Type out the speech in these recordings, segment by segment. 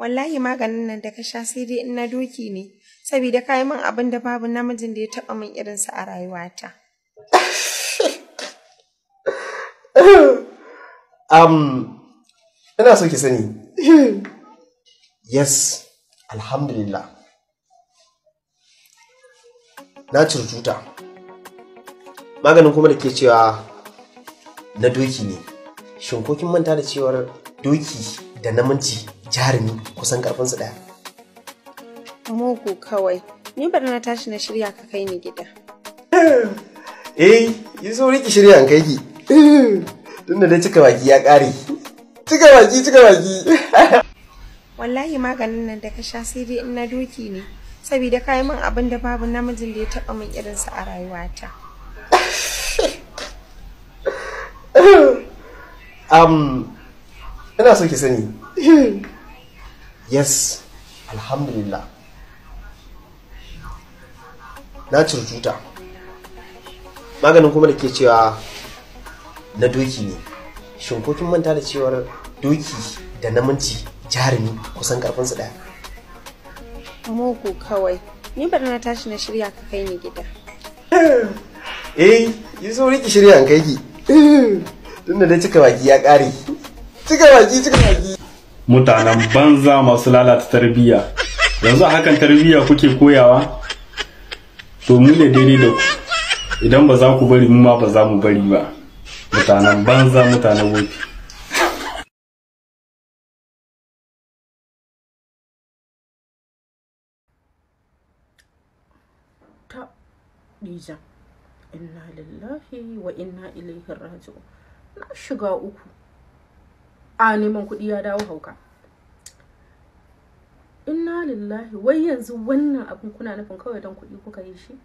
wallahi maganin nan da ka sha sai dai in na doki ne saboda ka min abin da babu namijin da ya taɓa min irin sa a rayuwata. um, ina so ki sani yes alhamdulillah na cuta maganin kuma da ke cewa na doki ne shin ko manta da cewar doki da namiji, jarumi kusan karfinsu ɗaya. Mugu kawai, ni bari na tashi na shirya ka kai ni gida. Eh, yi so riki shirya an kai ki. Tunda dai cika baki ya ƙare. Cika baki, cika baki. Wallahi maganin nan da ka sha sai dai in na doki ne. Saboda ka yi min abin da babu namijin da ya taɓa min irinsa a rayuwata. um, ina so ki sani yes alhamdulillah na curcuta maganin kuma da ke cewa na doki ne shinkokin manta da cewar doki da namanci jarumi kusan karfinsu daya mugu kawai ni bari na tashi na shirya ka kai ni gida eh yi sauri ki shirya an kai ki tunda dai cika baki ya kare cika baki cika baki mutanen banza masu lalata tarbiyya yanzu a hakan tarbiyya kuke koyawa to mu ne daidai da ku idan ba za ku bari mu ma ba za mu bari ba mutanen banza mutanen wofi ta inna lillahi wa inna ilaihi raji'un na shiga uku a neman kuɗi ya dawo hauka inna lillahi wai yanzu wannan abin kuna nufin kawai dan kuɗi kuka yi shi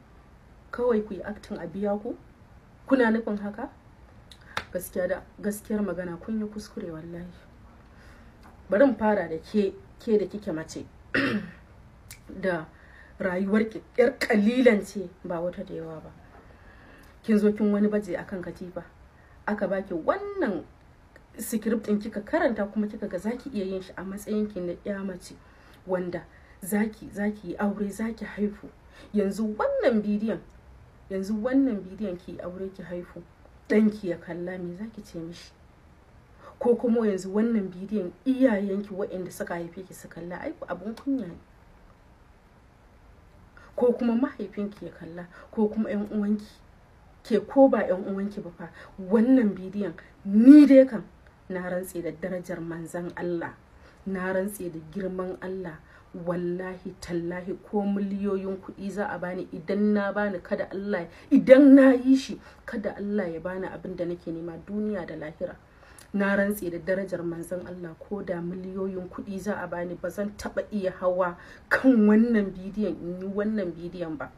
kawai ku yi aktin a biya ku kuna nufin haka gaskiya da gaskiyar magana kun yi kuskure wallahi bari fara da ke ke da kike mace da rayuwar ki yar kalilan ce ba wata da yawa ba kin zo kin wani baje akan katifa aka baki wannan script in kika karanta kuma kika ga zaki iya yin shi a matsayin ki na ya mace wanda zaki zaki yi aure zaki haifu yanzu wannan bidiyon yanzu wannan bidiyon ki aure ki haifu danki ya kalla me zaki ce mishi ko kuma yanzu wannan bidiyon iyayenki waɗanda suka haife ki su kalla ai abun kunya ne ko kuma mahaifinki ya kalla ko kuma yan uwanki ke ko ba yan uwanki ba fa wannan bidiyon ni dai kan na rantse da darajar manzan Allah na rantse da girman Allah wallahi tallahi ko miliyoyin kuɗi za a bani idan na bani kada Allah idan na yi shi kada Allah ya bani abin da nake nema duniya da lahira na rantse da darajar manzon Allah ko da miliyoyin kuɗi za a bani ba zan taɓa iya hawa kan wannan bidiyon in yi wannan bidiyon ba